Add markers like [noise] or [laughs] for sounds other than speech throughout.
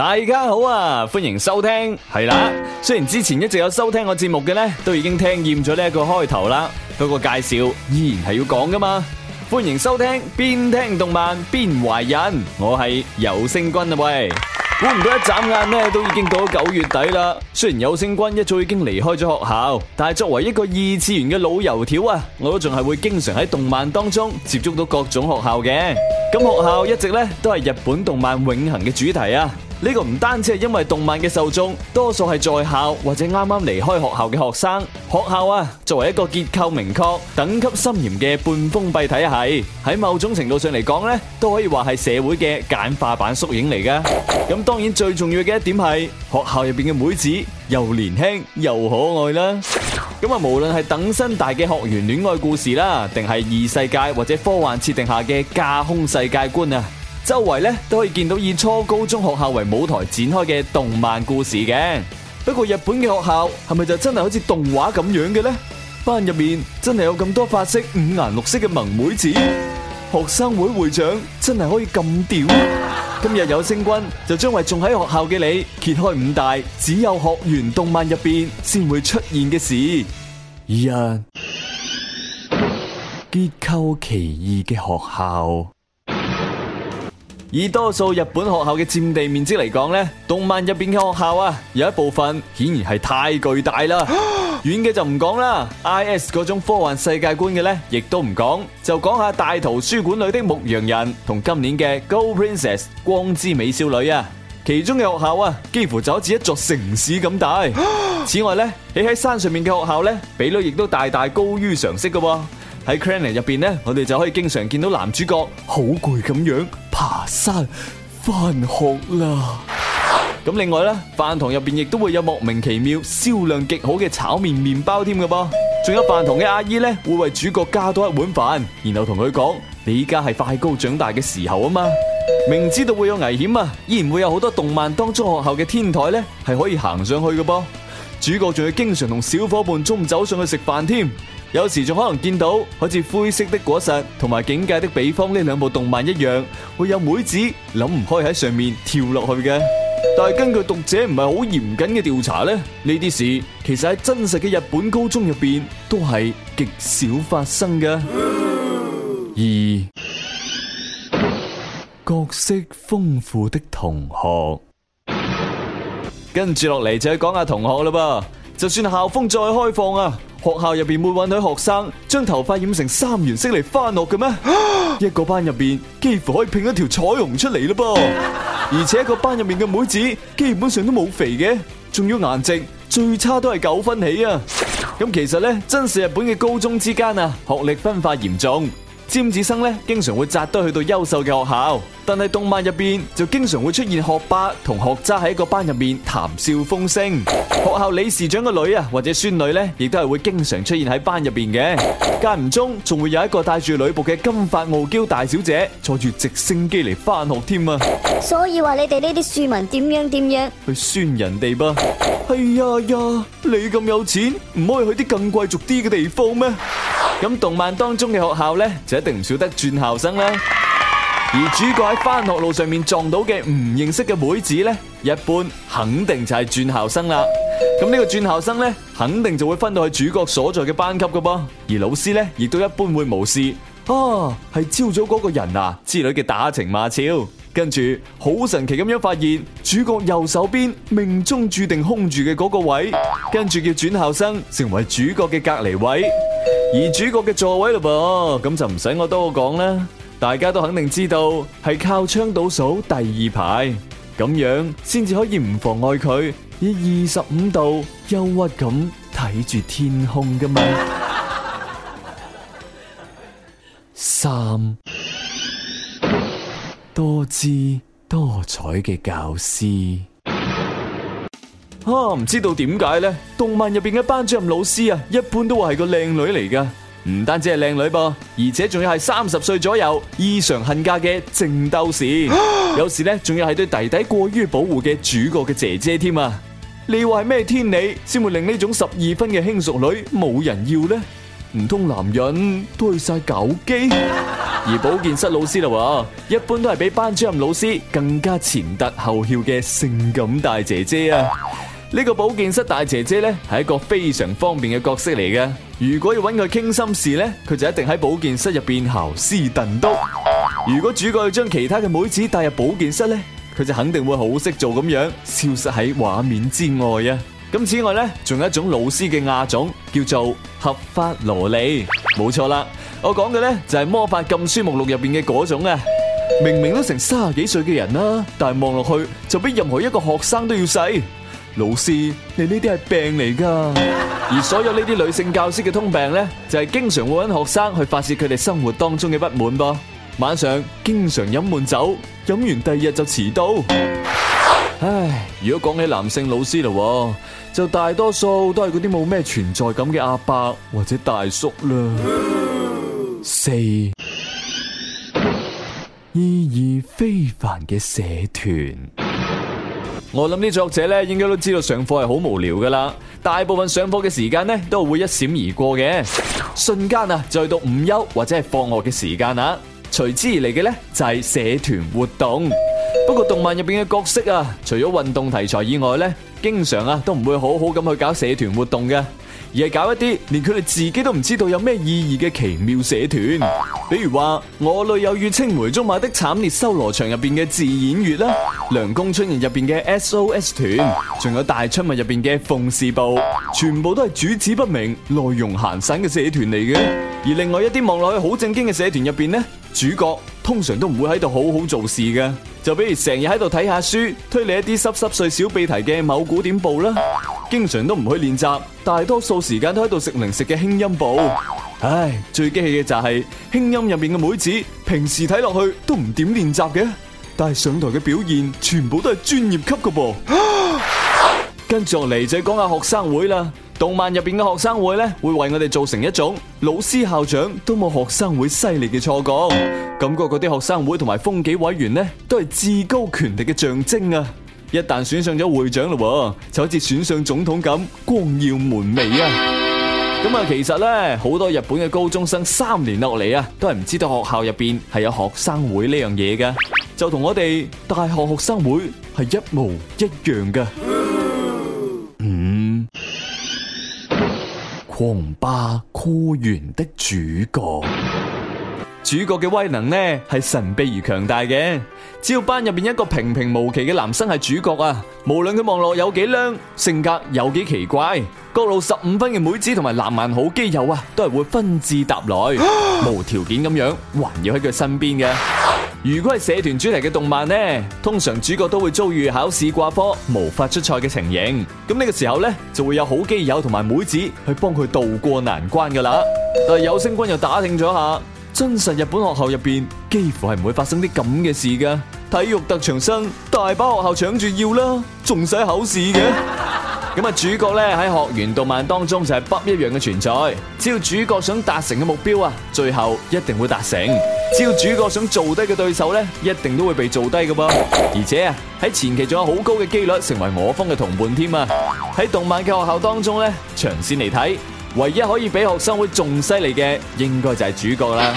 大家好啊！歡迎收聽，係啦。雖然之前一直有收聽我節目嘅咧，都已經聽厭咗呢一個開頭啦。不過介紹依然係要講噶嘛。歡迎收聽邊聽動漫邊懷忍，我係有聲君啊！喂，估唔到一眨眼咧，都已經到咗九月底啦。雖然有聲君一早已經離開咗學校，但係作為一個二次元嘅老油條啊，我都仲係會經常喺動漫當中接觸到各種學校嘅。咁學校一直咧都係日本動漫永恆嘅主題啊。呢個唔單止係因為動漫嘅受眾，多數係在校或者啱啱離開學校嘅學生。學校啊，作為一個結構明確、等級森嚴嘅半封閉體系，喺某種程度上嚟講呢，都可以話係社會嘅簡化版縮影嚟㗎。咁當然最重要嘅一點係，學校入面嘅妹子又年輕又可愛啦。咁咪，無論係等身大嘅學員戀愛故事啦，定係異世界或者科幻設定下嘅架空世界觀啊。周圍咧都可以見到以初高中學校為舞台展開嘅動漫故事嘅。不過日本嘅學校係咪就真係好似動畫咁樣嘅呢？班入面真係有咁多發色五顏六色嘅萌妹子，學生會會長真係可以咁屌。今日有星君就將為仲喺學校嘅你揭開五大只有學園動漫入邊先會出現嘅事。一結構奇異嘅學校。以多數日本學校嘅佔地面積嚟講呢，動漫入邊嘅學校啊，有一部分顯然係太巨大啦。遠嘅就唔講啦，I.S. 嗰種科幻世界觀嘅呢，亦都唔講，就講下大圖書館裏的牧羊人同今年嘅《Go Princess 光之美少女》啊，其中嘅學校啊，幾乎就好似一座城市咁大。此外呢，你喺山上面嘅學校呢，比率亦都大大高於常識噶。喺《Clannad》入邊呢，我哋就可以經常見到男主角好攰咁樣。生翻學啦！咁另外咧，飯堂入邊亦都會有莫名其妙銷量極好嘅炒麵麵包添嘅噃，仲有飯堂嘅阿姨咧，會為主角加多一碗飯，然後同佢講：你依家係快高長大嘅時候啊嘛！明知道會有危險啊，依然會有好多動漫當中學校嘅天台咧係可以行上去嘅噃，主角仲要經常同小夥伴中午走上去食飯添。有時仲可能見到好似灰色的果實同埋境界的比方呢兩部動漫一樣，會有妹子諗唔開喺上面跳落去嘅。但係根據讀者唔係好嚴謹嘅調查咧，呢啲事其實喺真實嘅日本高中入邊都係極少發生嘅。二 [laughs] 角色豐富的同學，跟住落嚟就係講下同學啦噃。就算校風再開放啊！學校入邊會允許學生將頭髮染成三原色嚟翻學嘅咩？ [laughs] 一個班入邊幾乎可以拼一條彩虹出嚟咯噃！ [laughs] 而且一個班入面嘅妹子基本上都冇肥嘅，仲要顏值最差都係九分起啊！咁其實咧，真是日本嘅高中之間啊，學歷分化嚴重，尖子生咧經常會紮堆去到優秀嘅學校。但係動漫入邊就經常會出現學霸同學渣喺一個班入面談笑風生，學校理事長嘅女啊或者孫女呢，亦都係會經常出現喺班入邊嘅。間唔中仲會有一個帶住女僕嘅金髮傲嬌大小姐坐住直升機嚟翻學添啊！所以話你哋呢啲庶民點樣點樣去酸人哋噃？哎呀呀，你咁有錢唔可以去啲更貴族啲嘅地方咩？咁動漫當中嘅學校呢，就一定唔少得轉校生啦。而主角喺返學路上面撞到嘅唔認識嘅妹子呢，一般肯定就係轉校生啦。咁呢個轉校生呢，肯定就會分到去主角所在嘅班級㗎噃。而老師呢，亦都一般會無視。啊，係朝早嗰個人啊之類嘅打情罵俏，跟住好神奇咁樣發現主角右手邊命中注定空住嘅嗰個位，跟住叫轉校生成為主角嘅隔籬位。而主角嘅座位嘞噃，咁就唔使我多講啦。大家都肯定知道，係靠窗倒數第二排，咁樣先至可以唔妨礙佢以二十五度憂鬱咁睇住天空噶嘛。 [laughs] 三多姿多彩嘅教師啊，唔知道點解呢？動漫入邊嘅班主任老師啊，一般都話係個靚女嚟噶。唔單止係靚女噃，而且仲要係三十歲左右，異常恨嫁嘅正斗士， [coughs] 有時咧仲要係對弟弟過於保護嘅主角嘅姐姐添啊！你話係咩天理先會令呢種十二分嘅輕熟女冇人要呢？唔通男人都晒搞基？ [laughs] 而保健室老師啦，一般都係比班主任老師更加前凸後翹嘅性感大姐姐啊！呢個保健室大姐姐咧，係一個非常方便嘅角色嚟嘅。如果要揾佢傾心事咧，佢就一定喺保健室入邊姣屍扽篤。如果主角要將其他嘅妹子帶入保健室咧，佢就肯定會好識做咁樣，消失喺畫面之外啊！咁此外咧，仲有一種老師嘅亞種叫做合法蘿莉，冇錯啦。我講嘅咧就係魔法禁書目錄入邊嘅嗰種啊！明明都成三十幾歲嘅人啦，但係望落去就比任何一個學生都要細。老師，你呢啲係病嚟噶，而所有呢啲女性教師嘅通病呢，就係經常會揾學生去發洩佢哋生活當中嘅不滿噃。晚上經常飲悶酒，飲完第二日就遲到。唉，如果講起男性老師嘞，就大多數都係嗰啲冇咩存在感嘅阿伯或者大叔啦。四意義非凡嘅社團。我諗啲作者咧，應該都知道上課係好無聊噶啦，大部分上課嘅時間咧，都係會一閃而過嘅，瞬間啊，再到午休或者係放學嘅時間啊，隨之而嚟嘅咧就係社團活動。不過動漫入邊嘅角色啊，除咗運動題材以外咧，經常啊都唔會好好咁去搞社團活動嘅，而係搞一啲連佢哋自己都唔知道有咩意義嘅奇妙社團，比如話我女友與青梅竹馬的慘烈修羅場入邊嘅自演月啦，涼宮春日入邊嘅 SOS 團，仲有大春物入邊嘅奉仕部，全部都係主旨不明、內容閒散嘅社團嚟嘅。而另外一啲望落去好正經嘅社團入邊呢，主角通常都唔會喺度好好做事嘅，就比如成日喺度睇下書，推理一啲濕濕碎小謎題嘅某古典部啦。經常都唔去練習，大多數時間都喺度食零食嘅輕音部。唉，最激氣嘅就係輕音入邊嘅妹子，平時睇落去都唔點練習嘅，但係上台嘅表現全部都係專業級㗎噃。跟住我嚟，就講下學生會啦。動漫入邊嘅學生會咧，會為我哋造成一種老師校長都冇學生會犀利嘅錯覺，感覺嗰啲學生會同埋風紀委員咧，都係至高權力嘅象徵啊！一旦選上咗會長咯，就好似選上總統咁光耀門楣啊！咁啊， [noise] 其實咧好多日本嘅高中生三年落嚟啊，都係唔知道學校入邊係有學生會呢樣嘢㗎，就同我哋大學學生會係一模一樣㗎。五、 [noise] 嗯、狂霸酷炫的主角。主角嘅威能呢係神秘而強大嘅，只要班入邊一個平平無奇嘅男生係主角啊，無論佢望落有幾靚，性格有幾奇怪，各路十五分嘅妹子同埋難纏好基友啊，都係會紛至沓來，無條件咁樣，環繞喺佢身邊嘅。如果係社團主題嘅動漫呢，通常主角都會遭遇考試掛科、無法出賽嘅情形，咁呢個時候呢，就會有好基友同埋妹子去幫佢渡過難關噶啦。但係有星君又打聽咗下。真實日本學校入邊，幾乎係唔會發生啲咁嘅事噶體育特長生大把學校搶住要啦，仲使考試嘅。咁啊，主角咧喺學園動漫當中就係不一樣嘅存在。只要主角想達成嘅目標啊，最後一定會達成。只要主角想做低嘅對手咧，一定都會被做低噶噃。而且啊，喺前期仲有好高嘅幾率成為我方嘅同伴添啊。喺動漫嘅學校當中咧，長線嚟睇。唯一可以比學生會仲犀利嘅，應該就係主角啦。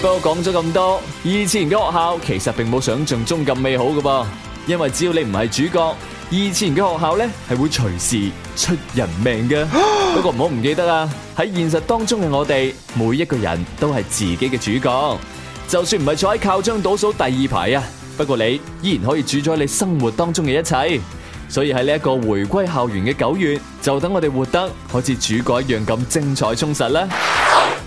不過講咗咁多，二次元嘅學校其實並冇想象中咁美好噶噃，因為只要你唔係主角，二次元嘅學校咧係會隨時出人命嘅。不過唔好唔記得啊，喺現實當中嘅我哋，每一個人都係自己嘅主角，就算唔係坐喺靠窗倒數第二排啊，不過你依然可以主宰你生活當中嘅一切。所以喺呢一個回歸校園嘅九月，就等我哋活得好似主角一樣咁精彩充實啦。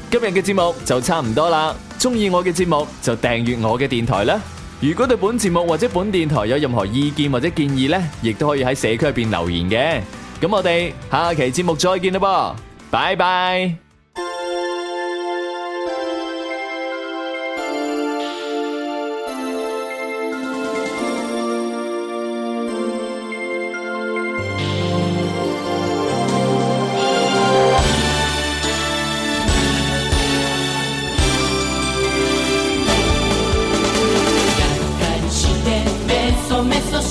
今日嘅節目就差唔多啦，中意我嘅節目就訂閱我嘅電台啦。如果對本節目或者本電台有任何意見或者建議呢，亦都可以喺社區入邊留言嘅。咁我哋下期節目再見啦噃，拜拜。